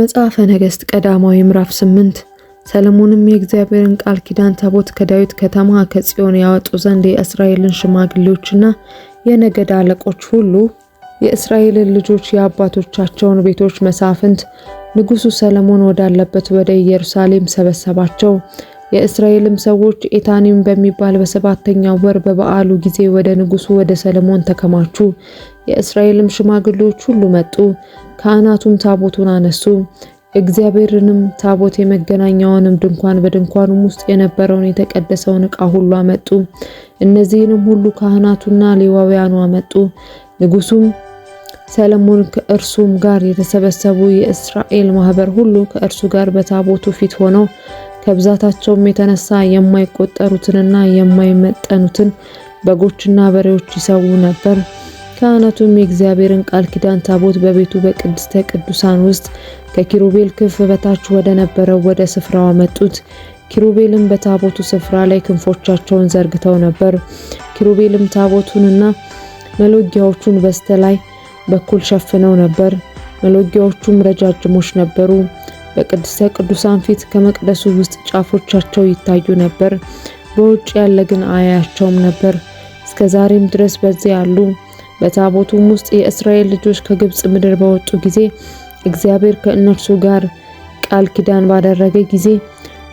መጽሐፈ ነገሥት ቀዳማዊ ምዕራፍ 8 ሰለሞንም የእግዚአብሔርን ቃል ኪዳን ታቦት ከዳዊት ከተማ ከጽዮን ያወጡ ዘንድ የእስራኤልን ሽማግሌዎችና የነገድ አለቆች ሁሉ የእስራኤልን ልጆች የአባቶቻቸውን ቤቶች መሳፍንት ንጉሡ ሰለሞን ወዳለበት ወደ ኢየሩሳሌም ሰበሰባቸው። የእስራኤልም ሰዎች ኤታኒም በሚባል በሰባተኛው ወር በበዓሉ ጊዜ ወደ ንጉሡ ወደ ሰለሞን ተከማቹ። የእስራኤልም ሽማግሌዎች ሁሉ መጡ። ካህናቱም ታቦቱን አነሱ። እግዚአብሔርንም ታቦት የመገናኛውንም ድንኳን በድንኳኑም ውስጥ የነበረውን የተቀደሰውን ዕቃ ሁሉ አመጡ። እነዚህንም ሁሉ ካህናቱና ሌዋውያኑ አመጡ። ንጉሱም ሰለሞን ከእርሱም ጋር የተሰበሰቡ የእስራኤል ማህበር ሁሉ ከእርሱ ጋር በታቦቱ ፊት ሆነው ከብዛታቸውም የተነሳ የማይቆጠሩትንና የማይመጠኑትን በጎችና በሬዎች ይሰዉ ነበር። ካህናቱም የእግዚአብሔርን ቃል ኪዳን ታቦት በቤቱ በቅድስተ ቅዱሳን ውስጥ ከኪሩቤል ክንፍ በታች ወደ ነበረው ወደ ስፍራው አመጡት። ኪሩቤልም በታቦቱ ስፍራ ላይ ክንፎቻቸውን ዘርግተው ነበር። ኪሩቤልም ታቦቱንና መሎጊያዎቹን በስተ ላይ በኩል ሸፍነው ነበር። መሎጊያዎቹም ረጃጅሞች ነበሩ። በቅድስተ ቅዱሳን ፊት ከመቅደሱ ውስጥ ጫፎቻቸው ይታዩ ነበር፣ በውጭ ያለ ግን አያያቸውም ነበር። እስከ ዛሬም ድረስ በዚያ አሉ። በታቦቱም ውስጥ የእስራኤል ልጆች ከግብጽ ምድር በወጡ ጊዜ እግዚአብሔር ከእነርሱ ጋር ቃል ኪዳን ባደረገ ጊዜ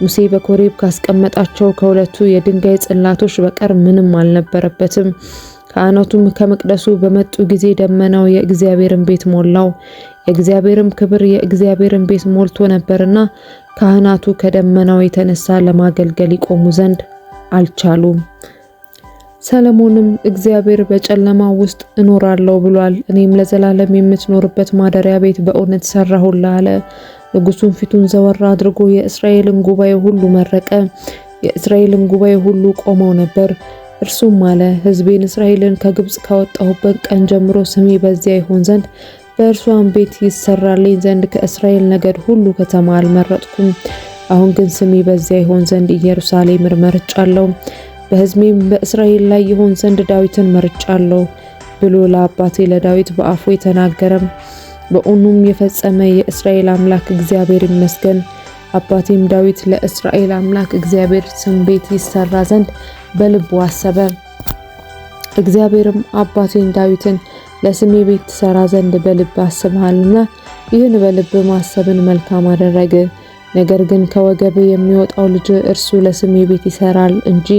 ሙሴ በኮሬብ ካስቀመጣቸው ከሁለቱ የድንጋይ ጽላቶች በቀር ምንም አልነበረበትም። ካህናቱም ከመቅደሱ በመጡ ጊዜ ደመናው የእግዚአብሔርን ቤት ሞላው፣ የእግዚአብሔርም ክብር የእግዚአብሔርን ቤት ሞልቶ ነበርና ካህናቱ ከደመናው የተነሳ ለማገልገል ይቆሙ ዘንድ አልቻሉም። ሰለሞንም እግዚአብሔር በጨለማ ውስጥ እኖራለሁ ብሏል፣ እኔም ለዘላለም የምትኖርበት ማደሪያ ቤት በእውነት ሰራሁልህ አለ። ንጉሱም ፊቱን ዘወራ አድርጎ የእስራኤልን ጉባኤ ሁሉ መረቀ። የእስራኤልን ጉባኤ ሁሉ ቆመው ነበር። እርሱም አለ፣ ሕዝቤን እስራኤልን ከግብጽ ካወጣሁበት ቀን ጀምሮ ስሜ በዚያ ይሆን ዘንድ በእርሷን ቤት ይሰራልኝ ዘንድ ከእስራኤል ነገድ ሁሉ ከተማ አልመረጥኩም። አሁን ግን ስሜ በዚያ ይሆን ዘንድ ኢየሩሳሌምን መርጫለሁ። በሕዝሜም በእስራኤል ላይ ይሆን ዘንድ ዳዊትን መርጫለሁ ብሎ ለአባቴ ለዳዊት በአፉ የተናገረም በእውኑም የፈጸመ የእስራኤል አምላክ እግዚአብሔር ይመስገን። አባቴም ዳዊት ለእስራኤል አምላክ እግዚአብሔር ስም ቤት ይሰራ ዘንድ በልቡ አሰበ። እግዚአብሔርም አባቴን ዳዊትን ለስሜ ቤት ትሰራ ዘንድ በልብ አስበሃልና ይህን በልብ ማሰብን መልካም አደረግ ነገር ግን ከወገብ የሚወጣው ልጅ እርሱ ለስሜ ቤት ይሰራል እንጂ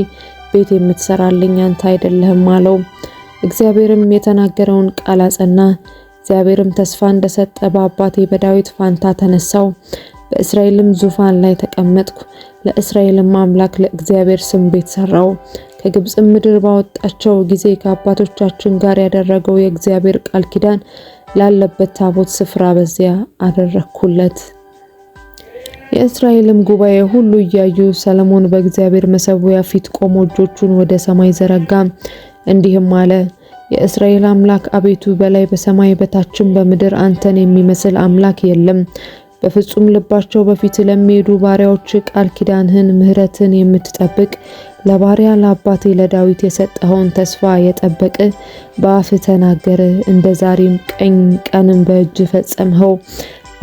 ቤት የምትሰራልኝ አንተ አይደለህም አለው። እግዚአብሔርም የተናገረውን ቃል አጸና። እግዚአብሔርም ተስፋ እንደሰጠ በአባቴ በዳዊት ፋንታ ተነሳው፣ በእስራኤልም ዙፋን ላይ ተቀመጥኩ። ለእስራኤልም አምላክ ለእግዚአብሔር ስም ቤት ሰራው። ከግብፅ ምድር ባወጣቸው ጊዜ ከአባቶቻችን ጋር ያደረገው የእግዚአብሔር ቃል ኪዳን ላለበት ታቦት ስፍራ በዚያ አደረግኩለት። የእስራኤልም ጉባኤ ሁሉ እያዩ ሰለሞን በእግዚአብሔር መሠዊያ ፊት ቆሞ እጆቹን ወደ ሰማይ ዘረጋ፣ እንዲህም አለ። የእስራኤል አምላክ አቤቱ፣ በላይ በሰማይ በታችም በምድር አንተን የሚመስል አምላክ የለም። በፍጹም ልባቸው በፊት ለሚሄዱ ባሪያዎች ቃል ኪዳንህን፣ ምሕረትን የምትጠብቅ ለባሪያ ለአባቴ ለዳዊት የሰጠኸውን ተስፋ የጠበቀ በአፍ ተናገረ እንደ ዛሬም ቀኝ ቀንም በእጅ ፈጸምኸው።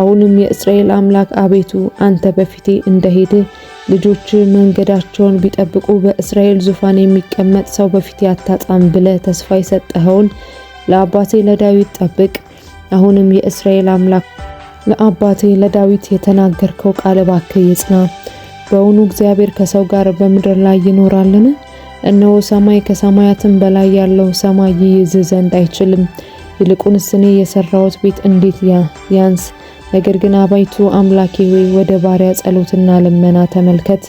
አሁንም የእስራኤል አምላክ አቤቱ አንተ በፊቴ እንደሄድህ ልጆች መንገዳቸውን ቢጠብቁ በእስራኤል ዙፋን የሚቀመጥ ሰው በፊቴ አታጣም ብለህ ተስፋ የሰጠኸውን ለአባቴ ለዳዊት ጠብቅ። አሁንም የእስራኤል አምላክ ለአባቴ ለዳዊት የተናገርከው ቃል እባክህ ይጽና። በእውኑ እግዚአብሔር ከሰው ጋር በምድር ላይ ይኖራልን? እነሆ ሰማይ ከሰማያትም በላይ ያለው ሰማይ ይይዝ ዘንድ አይችልም። ይልቁንስ እኔ የሰራሁት ቤት እንዴት ያንስ ነገር ግን አባይቱ አምላኬ ሆይ ወደ ባሪያ ጸሎትና ልመና ተመልከት።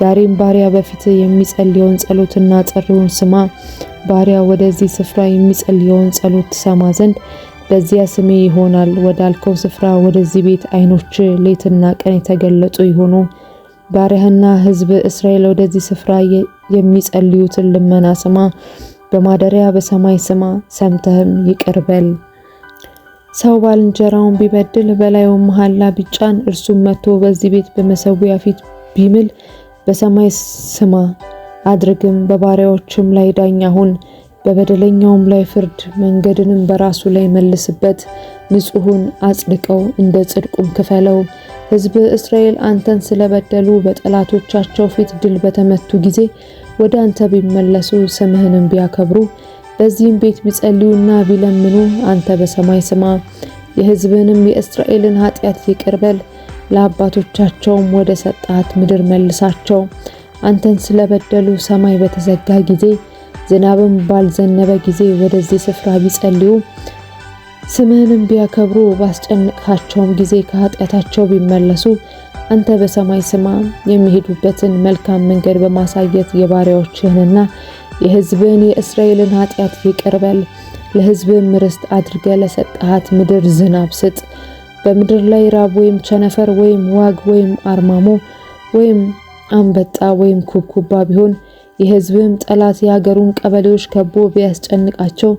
ዛሬም ባሪያ በፊት የሚጸልየውን ጸሎትና ጥሪውን ስማ። ባሪያ ወደዚህ ስፍራ የሚጸልየውን ጸሎት ትሰማ ዘንድ በዚያ ስሜ ይሆናል ወዳልከው ስፍራ ወደዚህ ቤት ዓይኖች ሌትና ቀን የተገለጡ ይሆኑ። ባሪያህና ሕዝብ እስራኤል ወደዚህ ስፍራ የሚጸልዩትን ልመና ስማ። በማደሪያ በሰማይ ስማ፣ ሰምተህም ይቅር ሰው ባልንጀራውን ቢበድል በላዩ መሐላ ቢጫን እርሱም መጥቶ በዚህ ቤት በመሰዊያ ፊት ቢምል በሰማይ ስማ አድርግም፣ በባሪያዎችም ላይ ዳኛ ሁን፣ በበደለኛውም ላይ ፍርድ፣ መንገድንም በራሱ ላይ መልስበት፣ ንጹሑን አጽድቀው፣ እንደ ጽድቁም ክፈለው። ሕዝብ እስራኤል አንተን ስለበደሉ በጠላቶቻቸው ፊት ድል በተመቱ ጊዜ ወደ አንተ ቢመለሱ ስምህንም ቢያከብሩ በዚህም ቤት ቢጸልዩና ቢለምኑ አንተ በሰማይ ስማ፣ የሕዝብንም የእስራኤልን ኃጢአት ይቅርበል ለአባቶቻቸው ለአባቶቻቸውም ወደ ሰጣት ምድር መልሳቸው። አንተን ስለበደሉ ሰማይ በተዘጋ ጊዜ ዝናብም ባልዘነበ ጊዜ ወደዚህ ስፍራ ቢጸልዩ ስምህንም ቢያከብሩ ባስጨነቅካቸውም ጊዜ ከኃጢአታቸው ቢመለሱ አንተ በሰማይ ስማ፣ የሚሄዱበትን መልካም መንገድ በማሳየት የባሪያዎችህንና የህዝብን የእስራኤልን ኃጢአት ይቅር በል። ርስት አድርገ ለሰጠሃት ምድር ዝናብ ስጥ። በምድር ላይ ራብ ወይም ቸነፈር ወይም ዋግ ወይም አርማሞ ወይም አንበጣ ወይም ኩብኩባ ቢሆን የህዝብም ጠላት የሀገሩን ቀበሌዎች ከቦ ቢያስጨንቃቸው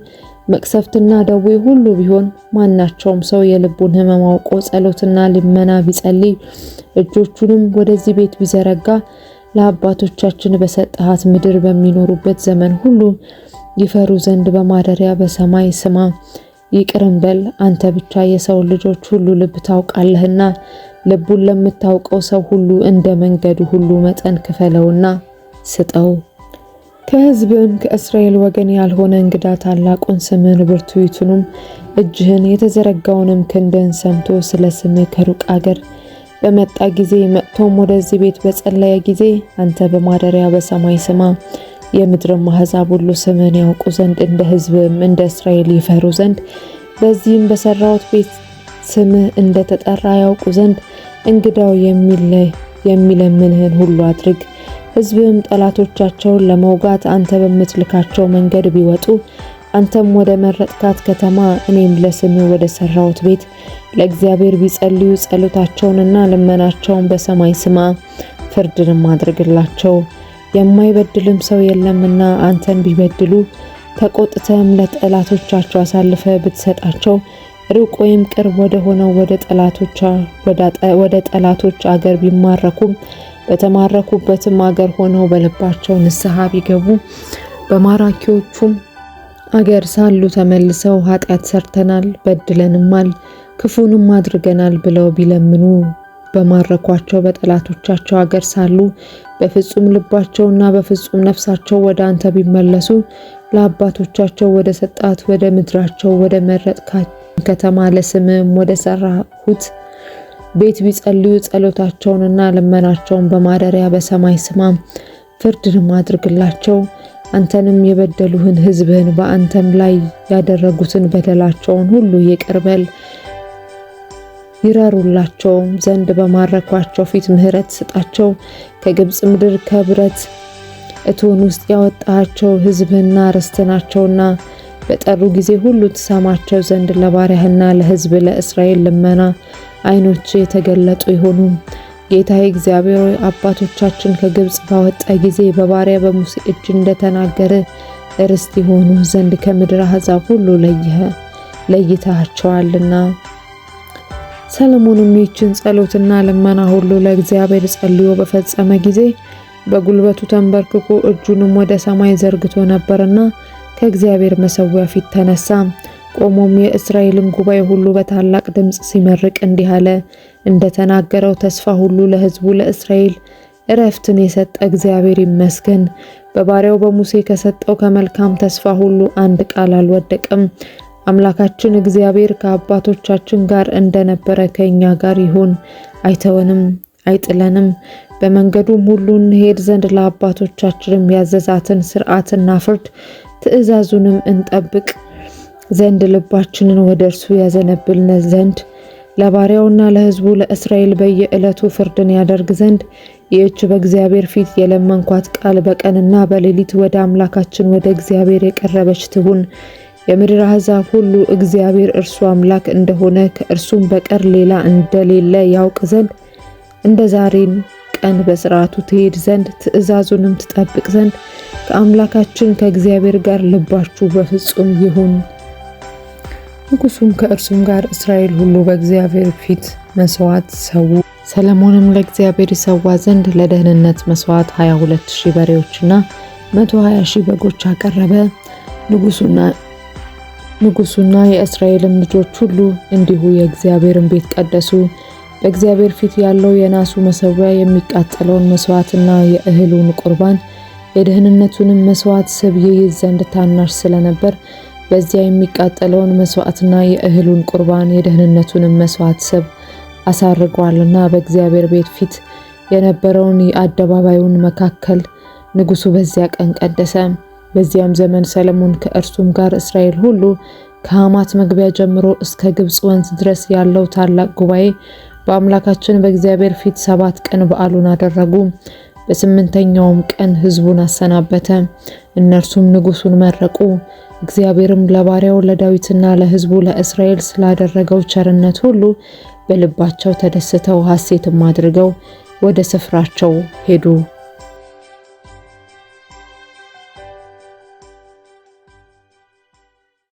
መቅሰፍትና ደዌ ሁሉ ቢሆን ማናቸውም ሰው የልቡን ሕመም አውቆ ጸሎትና ልመና ቢጸልይ እጆቹንም ወደዚህ ቤት ቢዘረጋ ለአባቶቻችን በሰጠሃት ምድር በሚኖሩበት ዘመን ሁሉ ይፈሩ ዘንድ በማደሪያ በሰማይ ስማ፣ ይቅርም በል አንተ ብቻ የሰው ልጆች ሁሉ ልብ ታውቃለህና ልቡን ለምታውቀው ሰው ሁሉ እንደ መንገዱ ሁሉ መጠን ክፈለውና ስጠው። ከሕዝብም ከእስራኤል ወገን ያልሆነ እንግዳ ታላቁን ስምን ብርቱይቱንም እጅህን የተዘረጋውንም ክንድህን ሰምቶ ስለ ስምህ ከሩቅ አገር በመጣ ጊዜ መጥቶም ወደዚህ ቤት በጸለየ ጊዜ አንተ በማደሪያ በሰማይ ስማ የምድርም አሕዛብ ሁሉ ስምን ያውቁ ዘንድ እንደ ሕዝብም እንደ እስራኤል ይፈሩ ዘንድ በዚህም በሰራሁት ቤት ስምህ እንደ ተጠራ ያውቁ ዘንድ እንግዳው የሚለምንህን ሁሉ አድርግ። ሕዝብህም ጠላቶቻቸውን ለመውጋት አንተ በምትልካቸው መንገድ ቢወጡ አንተም ወደ መረጥካት ከተማ እኔም ለስም ወደ ሰራሁት ቤት ለእግዚአብሔር ቢጸልዩ ጸሎታቸውንና ልመናቸውን በሰማይ ስማ፣ ፍርድንም አድርግላቸው። የማይበድልም ሰው የለምና አንተን ቢበድሉ ተቆጥተም ለጠላቶቻቸው አሳልፈ ብትሰጣቸው ሩቅ ወይም ቅርብ ወደ ሆነው ወደ ጠላቶች አገር ቢማረኩም በተማረኩበትም አገር ሆነው በልባቸው ንስሐ ቢገቡ በማራኪዎቹም አገር ሳሉ ተመልሰው ኃጢአት ሰርተናል፣ በድለንማል፣ ክፉንም አድርገናል ብለው ቢለምኑ በማረኳቸው በጠላቶቻቸው አገር ሳሉ በፍጹም ልባቸውና በፍጹም ነፍሳቸው ወደ አንተ ቢመለሱ ለአባቶቻቸው ወደ ሰጣት ወደ ምድራቸው ወደ መረጥካት ከተማ ለስምም ወደ ሰራሁት ቤት ቢጸልዩ ጸሎታቸውንና ልመናቸውን በማደሪያ በሰማይ ስማም ፍርድንም አድርግላቸው። አንተንም የበደሉህን ሕዝብህን በአንተም ላይ ያደረጉትን በደላቸውን ሁሉ ይቅርበል በል ዘንድ በማረኳቸው ፊት ምሕረት ስጣቸው። ከግብፅ ምድር ከብረት እቶን ውስጥ ያወጣቸው ሕዝብህና ርስት ናቸውና በጠሩ ጊዜ ሁሉ ትሰማቸው ዘንድ ለባሪያህና ለሕዝብ ለእስራኤል ልመና ዓይኖች የተገለጡ ይሆኑ። ጌታ እግዚአብሔር አባቶቻችን ከግብጽ ባወጣ ጊዜ በባሪያ በሙሴ እጅ እንደተናገረ ርስት የሆኑ ዘንድ ከምድር አሕዛብ ሁሉ ለይህ ለይተሃቸዋልና። ሰለሞንም ይህችን ጸሎትና ልመና ሁሉ ለእግዚአብሔር ጸልዮ በፈጸመ ጊዜ በጉልበቱ ተንበርክኮ እጁንም ወደ ሰማይ ዘርግቶ ነበርና ከእግዚአብሔር መሠዊያ ፊት ተነሳ። ቆሞም የእስራኤልን ጉባኤ ሁሉ በታላቅ ድምፅ ሲመርቅ እንዲህ አለ። እንደተናገረው ተስፋ ሁሉ ለሕዝቡ ለእስራኤል እረፍትን የሰጠ እግዚአብሔር ይመስገን። በባሪያው በሙሴ ከሰጠው ከመልካም ተስፋ ሁሉ አንድ ቃል አልወደቀም። አምላካችን እግዚአብሔር ከአባቶቻችን ጋር እንደነበረ ከእኛ ጋር ይሁን፣ አይተወንም፣ አይጥለንም። በመንገዱም ሁሉ እንሄድ ዘንድ ለአባቶቻችንም ያዘዛትን ስርዓትና ፍርድ ትእዛዙንም እንጠብቅ። ዘንድ ልባችንን ወደ እርሱ ያዘነብልን ዘንድ ለባሪያውና ለሕዝቡ ለእስራኤል በየዕለቱ ፍርድን ያደርግ ዘንድ ይህች በእግዚአብሔር ፊት የለመንኳት ቃል በቀንና በሌሊት ወደ አምላካችን ወደ እግዚአብሔር የቀረበች ትሁን። የምድር አሕዛብ ሁሉ እግዚአብሔር እርሱ አምላክ እንደሆነ ከእርሱም በቀር ሌላ እንደሌለ ያውቅ ዘንድ እንደ ዛሬን ቀን በሥርዓቱ ትሄድ ዘንድ ትእዛዙንም ትጠብቅ ዘንድ ከአምላካችን ከእግዚአብሔር ጋር ልባችሁ በፍጹም ይሁን። ንጉሱም ከእርሱም ጋር እስራኤል ሁሉ በእግዚአብሔር ፊት መስዋዕት ሰው። ሰለሞንም ለእግዚአብሔር ይሰዋ ዘንድ ለደህንነት መስዋዕት 22 ሺህ በሬዎችና 120 ሺህ በጎች አቀረበ። ንጉሱና የእስራኤልም ልጆች ሁሉ እንዲሁ የእግዚአብሔርን ቤት ቀደሱ። በእግዚአብሔር ፊት ያለው የናሱ መሰዊያ የሚቃጠለውን መስዋዕትና የእህሉን ቁርባን የደህንነቱንም መስዋዕት ስብ ይይዝ ዘንድ ታናሽ ስለነበር በዚያ የሚቃጠለውን መስዋዕትና የእህሉን ቁርባን የደህንነቱንም መስዋዕት ሰብ አሳርጓልና በእግዚአብሔር ቤት ፊት የነበረውን የአደባባዩን መካከል ንጉሱ በዚያ ቀን ቀደሰ። በዚያም ዘመን ሰለሞን ከእርሱም ጋር እስራኤል ሁሉ ከሐማት መግቢያ ጀምሮ እስከ ግብፅ ወንዝ ድረስ ያለው ታላቅ ጉባኤ በአምላካችን በእግዚአብሔር ፊት ሰባት ቀን በዓሉን አደረጉ። በስምንተኛውም ቀን ሕዝቡን አሰናበተ። እነርሱም ንጉሱን መረቁ። እግዚአብሔርም ለባሪያው ለዳዊትና ለሕዝቡ ለእስራኤል ስላደረገው ቸርነት ሁሉ በልባቸው ተደስተው ሐሴትም አድርገው ወደ ስፍራቸው ሄዱ።